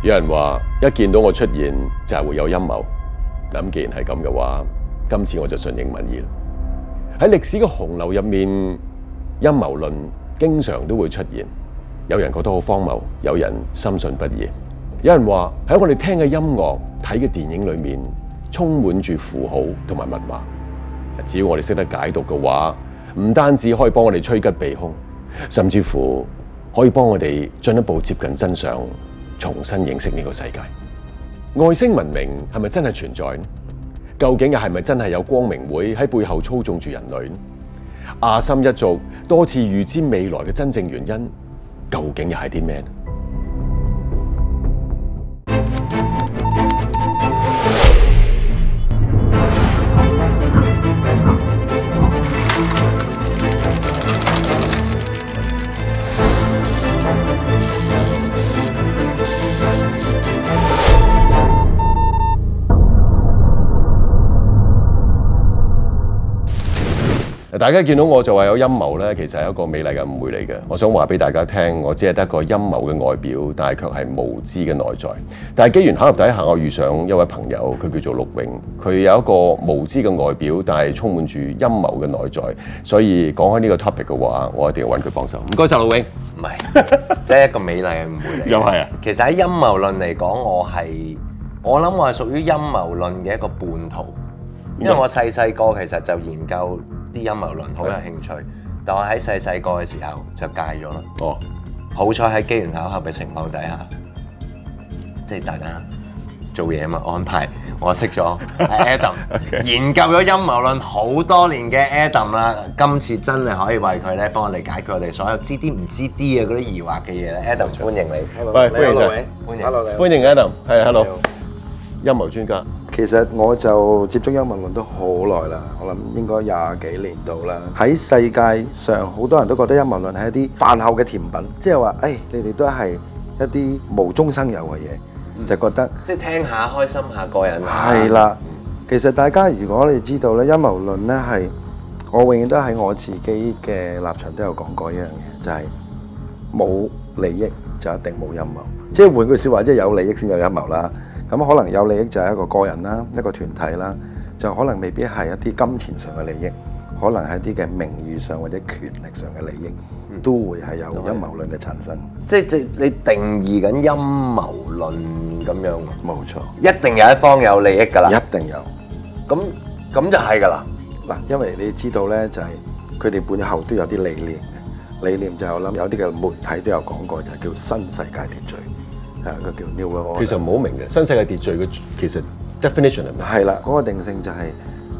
有人話一見到我出現就係會有陰謀，咁既然係咁嘅話，今次我就順應民意啦。喺歷史嘅洪流入面，陰謀論經常都會出現。有人覺得好荒謬，有人深信不疑。有人話喺我哋聽嘅音樂、睇嘅電影裏面，充滿住符號同埋密碼。只要我哋識得解讀嘅話，唔單止可以幫我哋吹吉避凶，甚至乎可以幫我哋進一步接近真相。重新認識呢個世界，外星文明係咪真係存在？究竟又係咪真係有光明會喺背後操縱住人類？阿森一族多次預知未來嘅真正原因，究竟又係啲咩？大家見到我就話有陰謀呢，其實係一個美麗嘅誤會嚟嘅。我想話俾大家聽，我只係得個陰謀嘅外表，但係卻係無知嘅內在。但係機緣巧合底下，我遇上一位朋友，佢叫做陸永，佢有一個無知嘅外表，但係充滿住陰謀嘅內在。所以講開呢個 topic 嘅話，我一定要揾佢幫手。唔該晒，陸永，唔係 即係一個美麗嘅誤會嚟。又係啊，其實喺陰謀論嚟講，我係我諗我係屬於陰謀論嘅一個叛徒，因為我細細個其實就研究。啲陰謀論好有興趣，的但我喺細細個嘅時候就戒咗啦。哦，好彩喺機緣巧合嘅情況底下，即、就、係、是、大家做嘢啊嘛安排，我識咗 Adam、okay、研究咗陰謀論好多年嘅 Adam 啦，今次真係可以為佢咧幫我哋解決我哋所有知啲唔知啲嘅嗰啲疑惑嘅嘢咧。Adam 歡迎你，喂、hey,，歡迎晒，歡迎，hello, 你歡迎 Adam，係、hey,，hello，, hello. 陰謀專家。其實我就接觸陰謀論都好耐啦，我諗應該廿幾年度啦。喺世界上好多人都覺得陰謀論係一啲飯後嘅甜品，即係話誒，你哋都係一啲無中生有嘅嘢，就覺得即係聽下開心下個人。係啦，其實大家如果你知道咧陰謀論咧係我永遠都喺我自己嘅立場都有講過一樣嘢，就係冇利益就一定冇陰謀，即係換句説話，即係有利益先有陰謀啦。咁可能有利益就係一個個人啦，一個團體啦，就可能未必係一啲金錢上嘅利益，可能係一啲嘅名譽上或者權力上嘅利益，都會係有陰謀論嘅產生。即係即係你定義緊陰謀論咁樣，冇錯，一定有一方有利益㗎啦，一定有。咁咁就係㗎啦。嗱，因為你知道呢，就係佢哋背後都有啲理念嘅，理念就係我諗有啲嘅媒體都有講過，就係叫新世界秩序。係，佢叫 New World。其實唔好明嘅新世界秩序嘅其實 definition 係啦，嗰、那個定性就係、是、誒、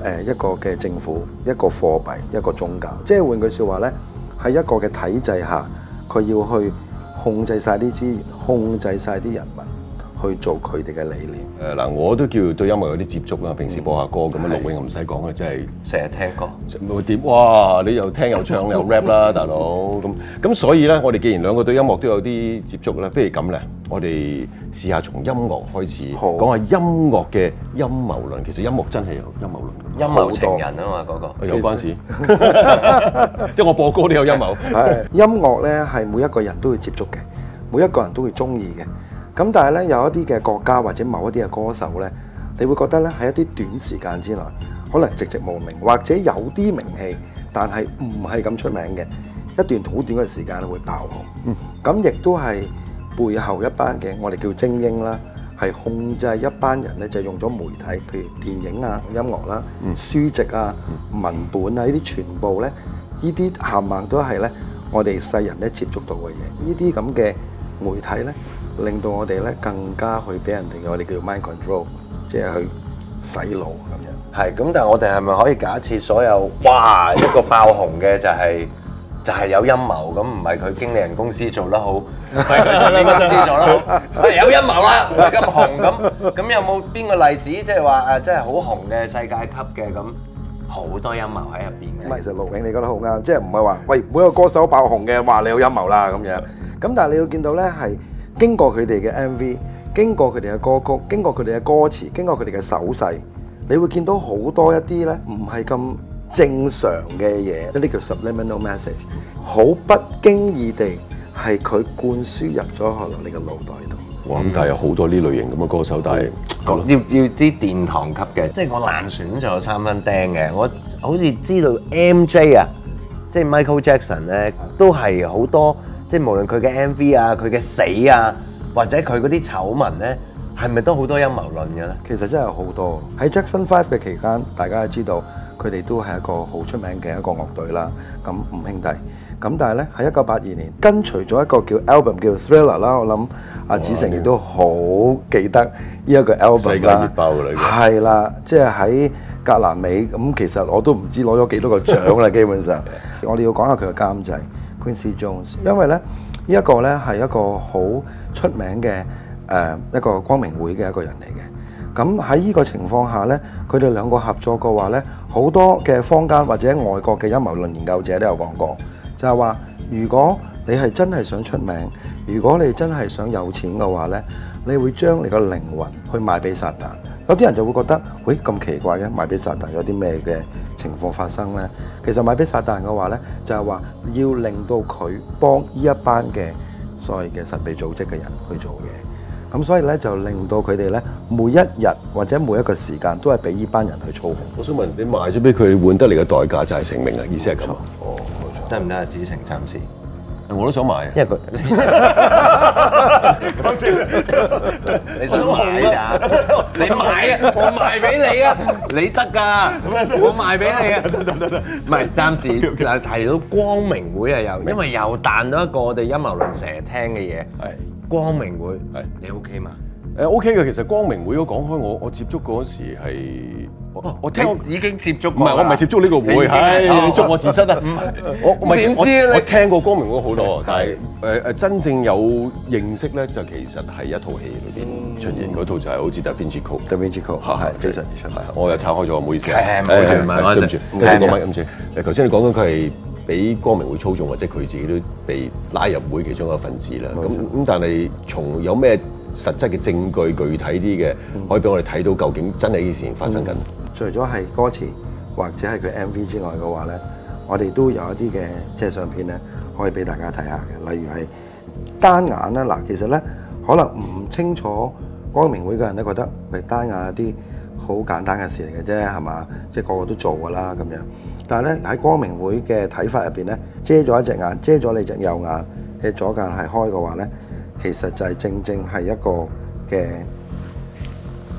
呃、一個嘅政府、一個貨幣，一個宗教。即係換句說話咧，係一個嘅體制下，佢要去控制曬啲資源，控制曬啲人民。去做佢哋嘅理念。誒嗱，我都叫對音樂有啲接觸啊。平時播下歌咁啊，陸永唔使講啊，真係成日聽歌。冇點？哇！你又聽又唱又 rap 啦，大佬咁咁。所以咧，我哋既然兩個對音樂都有啲接觸咧，不如咁咧，我哋試下從音樂開始講下音樂嘅陰謀論。其實音樂真係有陰謀論，陰謀情人啊嘛，嗰個有關事。即係我播歌都有陰謀。係音樂咧，係每一個人都會接觸嘅，每一個人都會中意嘅。咁但係咧，有一啲嘅國家或者某一啲嘅歌手咧，你會覺得咧，喺一啲短時間之內，可能寂寂無名，或者有啲名氣，但係唔係咁出名嘅一段好短嘅時間會爆紅。咁亦都係背後一班嘅，我哋叫精英啦，係控制一班人咧，就用咗媒體，譬如電影啊、音樂啦、啊、嗯、書籍啊、文本啊呢啲全部咧，呢啲冚唪唥都係咧，我哋世人咧接觸到嘅嘢，呢啲咁嘅媒體咧。令到我哋咧更加去俾人哋我哋叫 mind control，即係去洗腦咁樣。係咁，但係我哋係咪可以假設所有哇一個爆紅嘅就係、是、 就係有陰謀咁？唔係佢經理人公司做得好，係佢經理公司做得好， 哎、有陰謀啦，咁紅咁咁 有冇邊個例子？即係話誒，即係好紅嘅世界級嘅咁，好多陰謀喺入邊嘅。其實陸永你覺得好啱，即係唔係話喂，每個歌手爆紅嘅話你有陰謀啦咁樣。咁但係你要見到咧係。經過佢哋嘅 MV，經過佢哋嘅歌曲，經過佢哋嘅歌詞，經過佢哋嘅手勢，你會見到好多一啲咧唔係咁正常嘅嘢，一啲叫 subliminal message，好不經意地係佢灌輸入咗可能你個腦袋度。我諗但係有好多呢類型咁嘅歌手，但係要要啲殿堂級嘅，即係我難選，仲有三蚊釘嘅，我好似知道 MJ 啊，即係 Michael Jackson 咧，都係好多。即係無論佢嘅 MV 啊、佢嘅死啊，或者佢嗰啲醜聞咧，係咪都好多陰謀論嘅咧？其實真係好多喎。喺 Jackson Five 嘅期間，大家都知道佢哋都係一個好出名嘅一個樂隊啦。咁五兄弟咁，但係咧喺一九八二年，跟隨咗一個叫 album 叫 Thriller 啦。我諗阿子誠亦都好記得呢一個 album 啦。世界熱爆嘅嚟㗎。係啦，即係喺格蘭美咁，其實我都唔知攞咗幾多個獎啦。基本上，我哋要講下佢嘅監製。Quincy Jones，因為咧呢、這個、呢是一個咧係一個好出名嘅、呃、一個光明會嘅一個人嚟嘅。咁喺呢個情況下咧，佢哋兩個合作嘅話咧，好多嘅坊間或者外國嘅陰謀論研究者都有講過，就係、是、話如果你係真係想出名，如果你真係想有錢嘅話咧，你會將你個靈魂去賣俾撒旦。有啲人就會覺得，喂，咁奇怪嘅，賣俾撒旦有啲咩嘅情況發生咧？其實賣俾撒旦嘅話咧，就係話要令到佢幫呢一班嘅所謂嘅神秘組織嘅人去做嘢。咁所以咧就令到佢哋咧每一日或者每一個時間都係俾呢班人去操控。我想問你賣咗俾佢，換得嚟嘅代價就係成名啦，意思係錯？哦，冇錯。得唔得啊？子誠暫時。我都想買啊，因為佢。講笑。你買啊！我賣俾你啊！你得㗎，我賣俾你啊！得得得，唔係暫時。嗱，提到光明會啊，又因為又彈到一個我哋陰謀論成日聽嘅嘢，係光明會，係你 OK 嗎？誒 OK 嘅，其實光明會如果講開，我我接觸嗰陣時係。我聽已經接觸唔係，我唔係接觸呢個會，你捉我自身啊！我唔係點知咧？我聽過光明會好多，但係真正有認識咧，就其實係一套戲裏面出現嗰套就係好似 Da Vinci Code Da Vinci Code 我又拆開咗，唔好意思，唔好意思，唔好唔好頭先你講緊佢係俾光明會操縱或者佢自己都被拉入會其中一個份子啦。咁咁，但係從有咩實質嘅證據具體啲嘅，可以俾我哋睇到究竟真係事情發生緊？除咗係歌詞或者係佢 MV 之外嘅話咧，我哋都有一啲嘅即係相片咧，可以俾大家睇下嘅。例如係單眼啦，嗱，其實咧可能唔清楚，光明會嘅人都覺得係單眼啲好簡單嘅事嚟嘅啫，係嘛？即係個個都做㗎啦咁樣。但係咧喺光明會嘅睇法入邊咧，遮咗一隻眼，遮咗你隻右眼，你左眼係開嘅話咧，其實就係正正係一個嘅。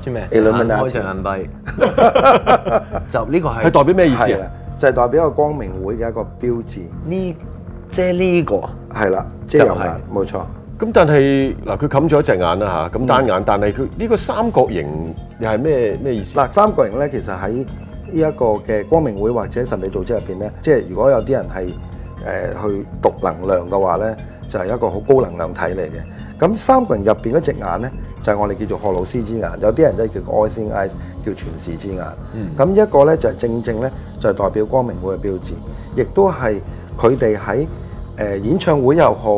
做咩？揀開隻眼閉，就呢個係。佢代表咩意思？就係代表一個光明會嘅一個標誌。呢即係呢個係啦，即係眼，冇錯。咁但係嗱，佢冚咗一隻眼啦吓，咁單眼。但係佢呢個三角形又係咩咩意思？嗱，三角形咧，其實喺呢一個嘅光明會或者神秘組織入邊咧，即係如果有啲人係誒去讀能量嘅話咧，就係一個好高能量體嚟嘅。咁三角形入邊嗰隻眼咧。就係我哋叫做荷魯斯之眼，有啲人咧叫 all-seeing eyes，叫全視之眼。咁依一個咧就係正正咧就係代表光明會嘅標誌，亦都係佢哋喺誒演唱會又好，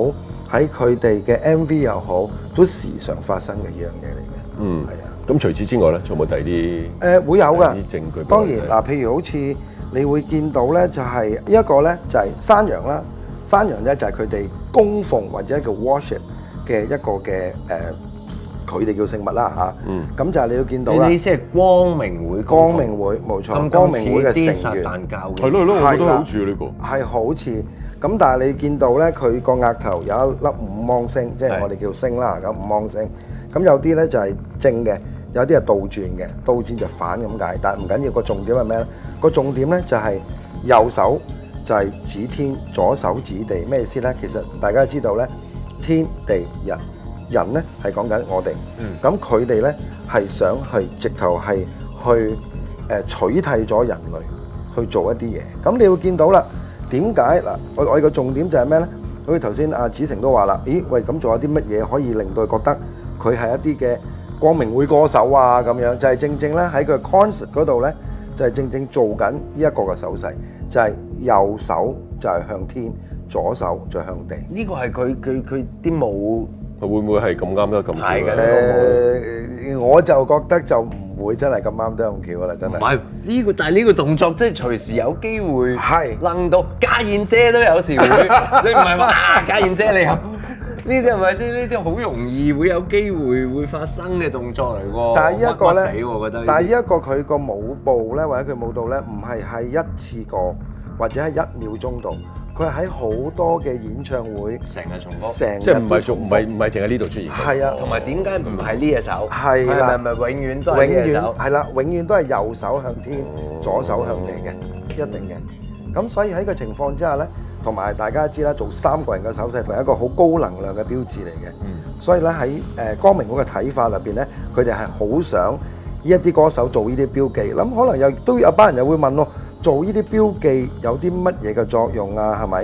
喺佢哋嘅 MV 又好，都時常發生嘅依樣嘢嚟嘅。嗯，係啊。咁除此之外咧，仲有冇第啲？誒會有㗎。啲證據當然嗱，譬如好似你會見到咧，就係一個咧就係山羊啦。山羊咧就係佢哋供奉或者叫 worship 嘅一個嘅誒。佢哋叫聖物啦嚇，咁就係你要見到啦。你意思係光明會？光明會冇錯，光明會嘅成員。係咯係咯，覺得好似呢個係好似。咁但係你見到咧，佢個額頭有一粒五芒星，即係我哋叫星啦。咁五芒星，咁有啲咧就係正嘅，有啲係倒轉嘅，倒轉就反咁解。但係唔緊要，個重點係咩咧？個重點咧就係右手就係指天，左手指地，咩意思咧？其實大家知道咧，天地人。人咧係講緊我哋，咁佢哋咧係想係直頭係去誒取替咗人類去做一啲嘢。咁你會見到啦，點解嗱？我我哋個重點就係咩咧？好似頭先阿子誠都話啦，咦喂，咁仲有啲乜嘢可以令到佢覺得佢係一啲嘅光明會歌手啊？咁樣就係正正咧喺佢 concert 嗰度咧，就係正正做緊呢一個嘅手勢，就係右手就係向天，左手就係向地。呢個係佢佢佢啲舞。會唔會係咁啱得咁巧？係嘅、呃，我就覺得就唔會真係咁啱得咁巧啦，真係。唔係呢個，但係呢個動作即係隨時有機會，係能到家是燕姐都有時會。 你唔係話家燕姐你有呢啲係咪？即係呢啲好容易會有機會會發生嘅動作嚟喎。但係呢一、呢個咧，但係呢一個佢個舞步咧，或者佢舞蹈咧，唔係係一次過，或者係一秒鐘度。佢喺好多嘅演唱會成日重複，即係唔係做唔係唔係淨係呢度出現。係啊，同埋點解唔係呢一首？係啦，係咪咪永遠都係呢一首？係啦，永遠都係右手向天，左手向地嘅，一定嘅。咁所以喺個情況之下咧，同埋大家知啦，做三個人嘅手勢佢係一個好高能量嘅標誌嚟嘅。嗯，所以咧喺誒光明會嘅睇法入邊咧，佢哋係好想呢一啲歌手做呢啲標記。咁可能又都有班人又會問我。做呢啲標記有啲乜嘢嘅作用啊？係咪？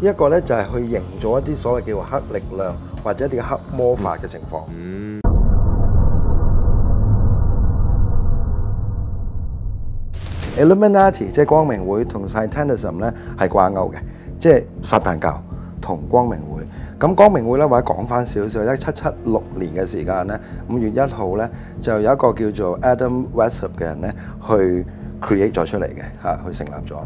依一個咧就係去營造一啲所謂叫做黑力量或者啲黑魔法嘅情況。嗯。Illuminati 即係光明會同 Satanism 咧係掛鈎嘅，即係撒旦教同光明會。咁光明會咧，或者講返少少，一七七六年嘅時間咧，五月一號咧，就有一個叫做 Adam Weishaupt 嘅人咧去 create 咗出嚟嘅嚇，佢成立咗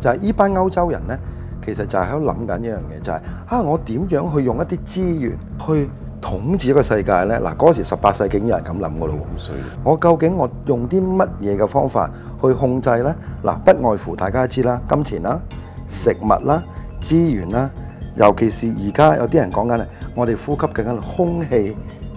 就係呢班歐洲人呢，其實就係喺度諗緊一樣嘢，就係啊，我點樣去用一啲資源去統治一個世界呢？嗱，嗰時十八世紀有人咁諗嘅咯喎，我究竟我用啲乜嘢嘅方法去控制呢？嗱，不外乎大家知啦，金錢啦、食物啦、資源啦，尤其是而家有啲人講緊咧，我哋呼吸緊嘅空氣。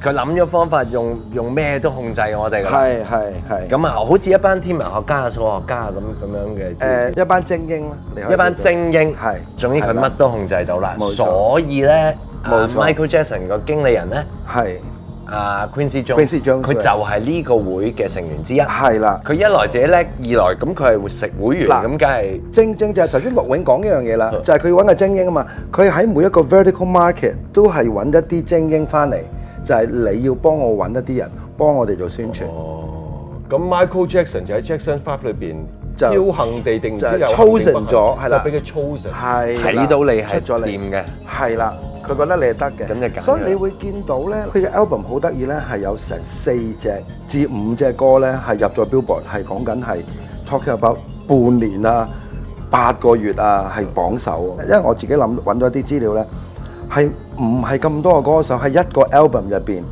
佢諗咗方法，用用咩都控制我哋。係係係。咁啊，好似一班天文學家、數學家咁咁樣嘅一班精英咯，一班精英係，總之佢乜都控制到啦。冇錯，所以咧，Michael Jackson 個經理人咧係阿 Quincy Jones，佢就係呢個會嘅成員之一。係啦，佢一來自己叻，二來咁佢係活食會員咁，梗係正正就係頭先陸永講一樣嘢啦，就係佢揾個精英啊嘛。佢喺每一個 vertical market 都係揾一啲精英翻嚟。就係你要幫我揾一啲人幫我哋做宣傳。哦，咁 Michael Jackson 就喺 Jackson Five 裏邊，彪悍地定出又粗成咗。係啦，俾佢粗成，睇到你係掂嘅，係啦，佢覺得你係得嘅，咁就假。所以你會見到咧，佢嘅 album 好得意咧，係有成四隻至五隻歌咧係入咗 Billboard，係講緊係 talk about 半年啊、八個月啊係榜首。因為我自己諗揾到一啲資料咧。係唔係咁多嘅歌手？係一個 album 入邊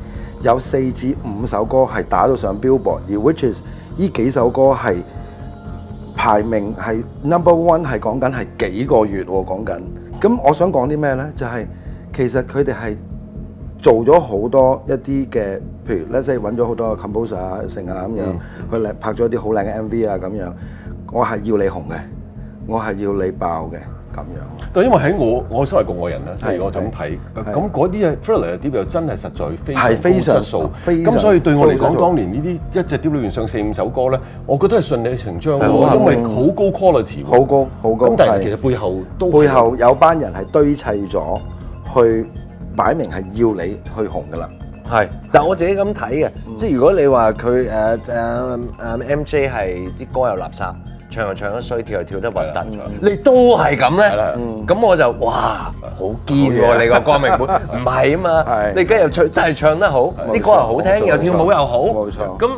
有四至五首歌係打到上 Billboard，而 which is 呢幾首歌係排名係 number one，係講緊係幾個月喎講緊。咁我想講啲咩咧？就係其實佢哋係做咗好多一啲嘅，譬如即係揾咗好多 composer 啊、剩啊咁樣去拍咗一啲好靚嘅 MV 啊咁樣。我係要你紅嘅，我係要你爆嘅。咁樣，但因為喺我我身為局外人咧，是例如我咁睇，咁嗰啲嘢 Thriller 嘅碟又真係實在非常高質素，咁所以對我嚟講，當年呢啲一隻碟裏邊上四五首歌咧，我覺得係順理成章咯，是因為好高 quality，好高好高。咁但係其實背後都背後有班人係堆砌咗，去擺明係要你去紅噶啦。係是，但係我自己咁睇嘅，嗯、即係如果你話佢誒誒誒 MJ 係啲歌又垃圾。唱又唱得衰，跳又跳得核突，你都係咁咧？咁我就哇，好堅喎！你個光明會唔係啊嘛？你而家唱真係唱得好，啲歌又好聽，又跳舞又好，咁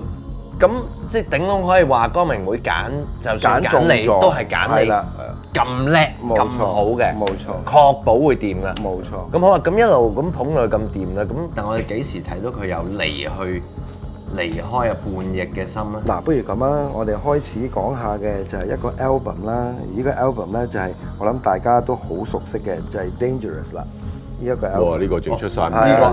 咁即係頂籠可以話光明會揀，就算揀你都係揀你咁叻咁好嘅，冇錯，確保會掂噶，冇錯。咁好啊，咁一路咁捧佢咁掂啦，咁但我哋幾時睇到佢有離去？離開夜的啊！半日嘅心啦。嗱，不如咁啊，我哋開始講下嘅就係一個 album 啦。而、這、依個 album 咧就係、是、我諗大家都好熟悉嘅，就係、是、Dangerous 啦。呢、這、一個 album。呢、這個最出曬名啦。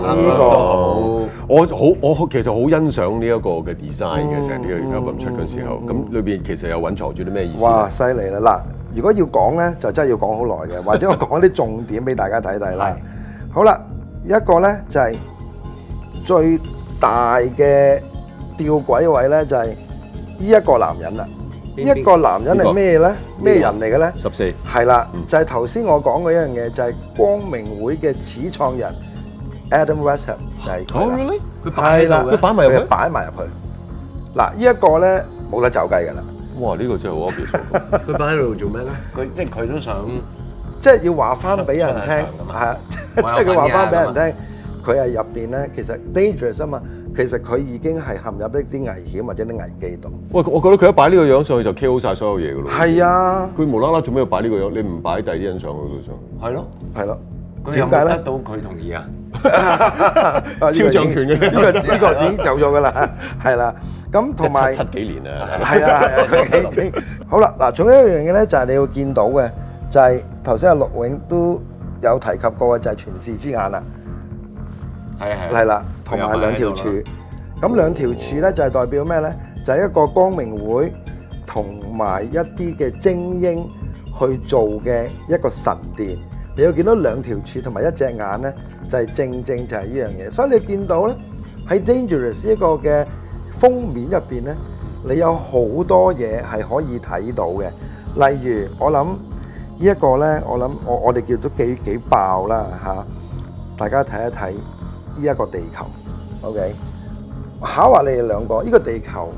我好，我其實好欣賞呢一個嘅 design 嘅，成日呢個 album 出嘅時候，咁裏邊其實又揾藏蘊藏住啲咩意思？哇！犀利啦！嗱，如果要講咧，就真係要講好耐嘅，或者我講一啲重點俾大家睇睇啦。是好啦，一個咧就係、是、最。大嘅吊詭位咧就係呢一個男人啦，呢一個男人係咩咧？咩人嚟嘅咧？十四係啦，就係頭先我講過一樣嘢，就係光明會嘅始創人 Adam Wester，就係佢啦。係啦，佢擺埋入去，擺埋入去。嗱，呢一個咧冇得走雞噶啦。哇，呢個真係好特別。佢擺喺度做咩咧？佢即係佢都想，即係要話翻俾人聽，係啊，即係佢話翻俾人聽。佢係入邊咧，其實 Dangerous 啊嘛，其實佢已經係陷入一啲危險或者啲危機度。喂，我覺得佢一擺呢個樣上去就 KO 曬所有嘢噶咯。係啊，佢無啦啦做咩要擺呢個樣？你唔擺第二啲人上去嗰度上。係咯，係咯。有冇得到佢同意啊？肖像權嘅呢個呢個已經走咗㗎啦。係啦，咁同埋七幾年啊。係啊係啊，七幾年。好啦，嗱，仲有一樣嘢咧，就係你要見到嘅，就係頭先阿陸永都有提及過嘅，就係全視之眼啊。係啦，同埋兩條柱，咁兩條柱咧就係代表咩咧？就係一個光明會同埋一啲嘅精英去做嘅一個神殿。你有見到兩條柱同埋一隻眼咧，就係正正就係呢樣嘢。所以你見到咧喺 Dangerous 一個嘅封面入邊咧，你有好多嘢係可以睇到嘅。例如我諗呢一個咧，我諗我我哋叫都幾幾爆啦嚇，大家睇一睇。呢一個地球，OK，考下你哋兩個，呢個地球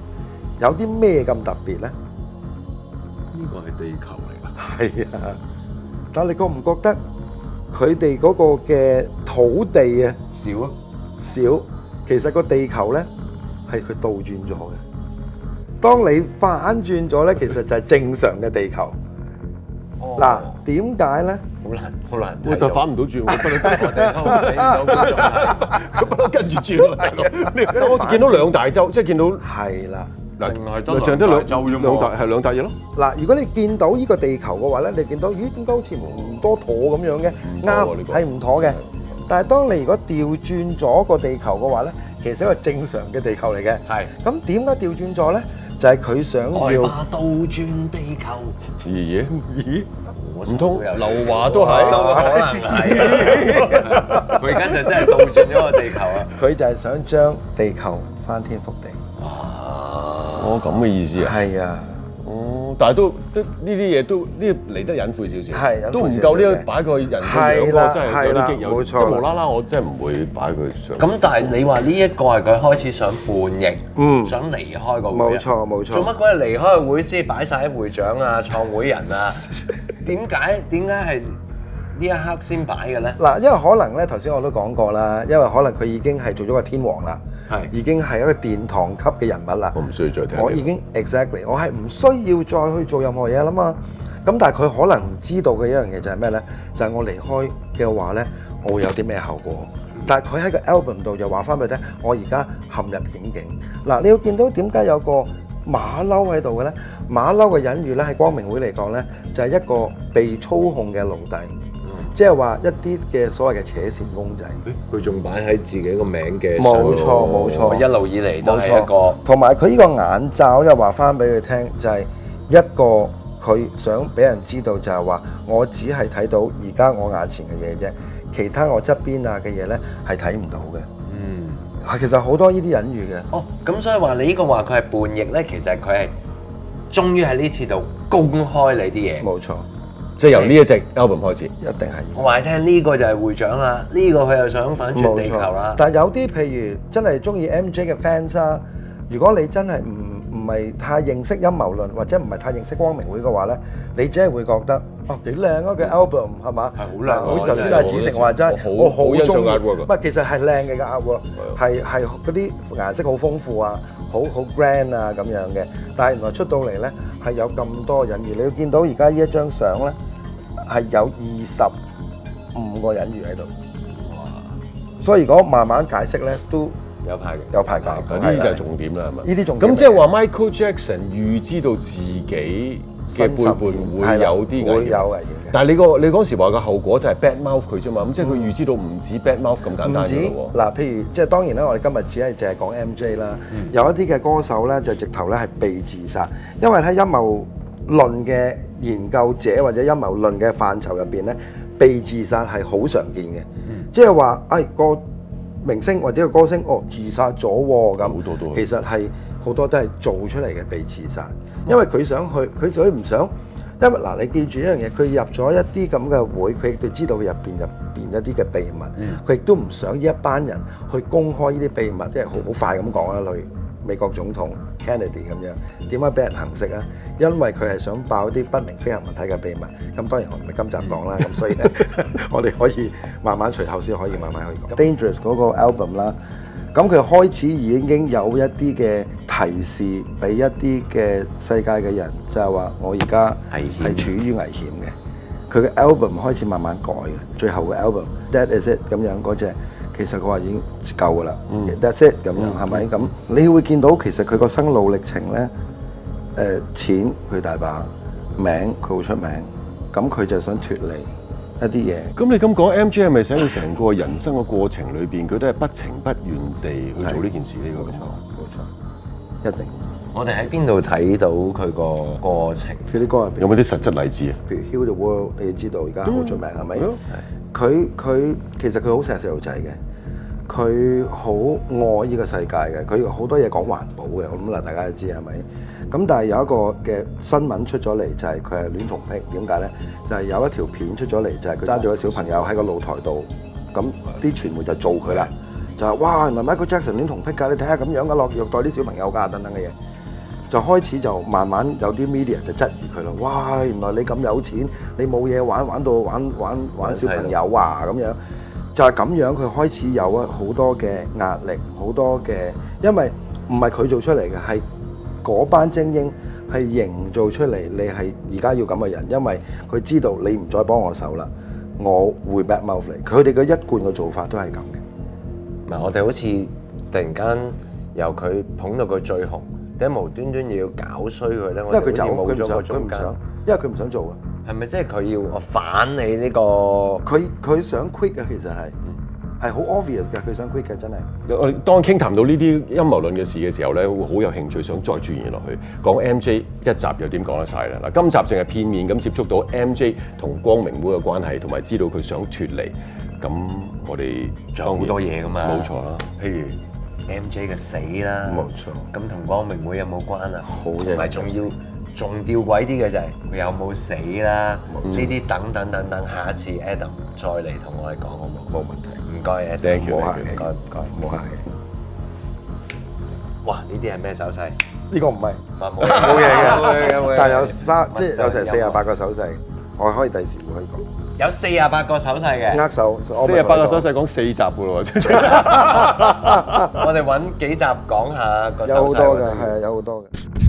有啲咩咁特別咧？呢個係地球嚟㗎。係啊，但你覺唔覺得佢哋嗰個嘅土地啊少啊少？其實個地球咧係佢倒轉咗嘅。當你反轉咗咧，其實就係正常嘅地球。嗱，點解咧？好難，好難，我就反唔到轉。跟住轉，我見到兩大洲，即係見到係啦，淨係得兩洲啫嘛，兩大係兩大嘢咯。嗱，如果你見到依個地球嘅話咧，你見到咦，點解好似唔多妥咁樣嘅？啱，係唔妥嘅。但係，當你如果調轉咗個地球嘅話咧，其實係一個正常嘅地球嚟嘅。係是。咁點解調轉咗咧？就係、是、佢想要。倒轉地球。咦、哎？咦、哎？唔通道道劉華都係？都可能係。佢而家就真係倒轉咗個地球啊！佢就係想將地球翻天覆地。哦。哦，咁嘅意思啊？係啊。但係都這些東西都呢啲嘢都呢個，嚟得隱晦少少，點點的，都唔夠呢個擺個人樣兩個真係有啲激，有即係無啦啦，我真係唔會擺佢上。咁、嗯、但係你話呢一個係佢開始想叛逆，嗯、想離開個會。冇錯冇錯，做乜鬼離開個會先擺晒啲會長啊、創會人啊？點解點解係？呢一刻先擺嘅咧，嗱，因為可能咧，頭先我都講過啦，因為可能佢已經係做咗個天王啦，係的已經係一個殿堂級嘅人物啦。我唔需要再聽。我已經的 exactly，我係唔需要再去做任何嘢啦嘛。咁但係佢可能知道嘅一樣嘢就係咩咧？就係、是、我離開嘅話咧，我會有啲咩後果？嗯、但係佢喺個 album 度又話翻俾你聽，我而家陷入險境。嗱，你要見到點解有個馬騮喺度嘅咧？馬騮嘅隱喻咧，喺光明會嚟講咧，就係、是、一個被操控嘅奴隸。即係話一啲嘅所謂嘅扯線公仔、欸，佢仲擺喺自己的名字的個名嘅上邊。冇錯冇錯，一路以嚟都係一個。同埋佢呢個眼罩，又話翻俾佢聽，就係一個佢想俾人知道，就係話我只係睇到而家我眼前嘅嘢啫，其他我側邊啊嘅嘢咧係睇唔到嘅。嗯，係其實好多呢啲隱喻嘅。哦，咁所以話你呢個話佢係叛逆咧，其實佢係終於喺呢次度公開你啲嘢。冇錯。即由呢一隻 album 開始，一定係。我話你聽呢個就係會長啦，呢個佢又想反轉地球啦。但係有啲譬如真係中意 MJ 嘅 fans 啊，如果你真係唔唔係太認識陰謀論或者唔係太認識光明會嘅話咧，你只係會覺得哦，幾靚啊嘅 album 係嘛？係好靚啊！頭先阿子誠話真係我好中意，唔係其實係靚嘅嘅 album，係係嗰啲顏色好豐富啊，好好 grand 啊咁樣嘅。但係原來出到嚟咧係有咁多隱意，你要見到而家呢一張相咧。係有二十五個隱喻喺度，所以如果慢慢解釋咧，都有排嘅，有排講，呢啲就係重點啦，係咪吧？呢啲重點咁即係話 Michael Jackson 預知到自己嘅背叛會有啲危險嘅。有但係你個你嗰時話個後果就係 bad mouth 佢啫嘛，咁、嗯、即係佢預知到唔止 bad mouth 咁簡單嗱止，譬如即係當然啦、嗯，我哋今日只係淨係講 MJ 啦，有一啲嘅歌手咧就直頭咧係被自殺，因為咧陰謀。論嘅研究者或者陰謀論嘅範疇入邊呢，被自殺係好常見嘅，即係話，哎個明星或者個歌星哦自殺咗喎咁，好多都其實係好多都係做出嚟嘅被自殺，因為佢想去，佢所以唔想，因為嗱你記住一樣嘢，佢入咗一啲咁嘅會，佢哋知道佢入邊入邊一啲嘅秘密，佢亦都唔想呢一班人去公開呢啲秘密，即係好快咁講啊佢。美國總統 Kennedy 咁樣點解俾人行刺啊？因為佢係想爆啲不明飛行物體嘅秘密。咁當然我唔係今集講啦。咁所以呢 我哋可以慢慢隨後先可以慢慢去講。Dangerous 嗰個 album 啦，咁佢開始已經有一啲嘅提示俾一啲嘅世界嘅人，就係話我而家係處於危險嘅。佢嘅 album 開始慢慢改嘅，最後嘅 album That Is It 咁樣嗰隻。其實佢話已經夠噶啦，即係咁樣，係咪咁？吧嗯、你會見到其實佢個生路歷程咧，誒、呃，錢佢大把，名佢好出名，咁佢就想脫離一啲嘢。咁你咁講，MJ 係咪喺佢成個人生嘅過程裏邊，佢都係不情不願地去做呢件事？呢的個冇錯，冇錯，一定。我哋喺邊度睇到佢個過程？佢啲歌入邊有冇啲實質例子啊？譬如《Heal the World》，你知道而家好出名係咪？佢佢其實佢好細細路仔嘅。佢好愛呢個世界嘅，佢好多嘢講環保嘅，我諗嗱大家都知係咪？咁但係有一個嘅新聞出咗嚟，就係佢係戀童癖。點解咧？就係、是、有一條片出咗嚟，就係佢揸住個小朋友喺個露台度，咁啲傳媒就做佢啦，就係哇原來咪一個 Jackson 戀童癖㗎，你睇下咁樣嘅落藥袋啲小朋友㗎等等嘅嘢，就開始就慢慢有啲 media 就質疑佢啦。哇原來你咁有錢，你冇嘢玩玩到玩玩玩小朋友啊咁樣。就係咁樣，佢開始有好多嘅壓力，好多嘅，因為唔係佢做出嚟嘅，係嗰班精英係營造出嚟。你係而家要咁嘅人，因為佢知道你唔再幫我手啦，我會 back move 你。佢哋嘅一貫嘅做法都係咁嘅。唔係我哋好似突然間由佢捧到佢最紅，點解無端端又要搞衰佢咧？因為佢就，佢唔想，因為佢唔想做啊。係咪即係佢要我反你呢個？佢佢想 quit 嘅，其實係係好 obvious 嘅。佢想 quit 嘅真係。我哋當傾談到呢啲陰謀論嘅事嘅時候咧，會好有興趣，想再轉移落去講 M J 一集又點講得晒咧？嗱，今集淨係片面咁接觸到 M J 同光明會嘅關係，同埋知道佢想脫離。咁我哋仲有好多嘢噶嘛？冇錯啦，譬如 M J 嘅死啦，冇錯。咁同光明會有冇關啊？好嘅，同埋仲要。仲吊詭啲嘅就係佢有冇死啦？呢啲等等等等，下次 Adam 再嚟同我哋講好冇？冇問題。唔該嘅，Daniel，唔該唔該，唔好客氣。哇！呢啲係咩手勢？呢個唔係，冇嘢嘅，但有三，即係有成四十八個手勢，我係可以第時會去講。有四十八個手勢嘅，握手四十八個手勢講四集嘅喎，我哋揾幾集講下個手勢。有好多嘅，係啊，有好多嘅。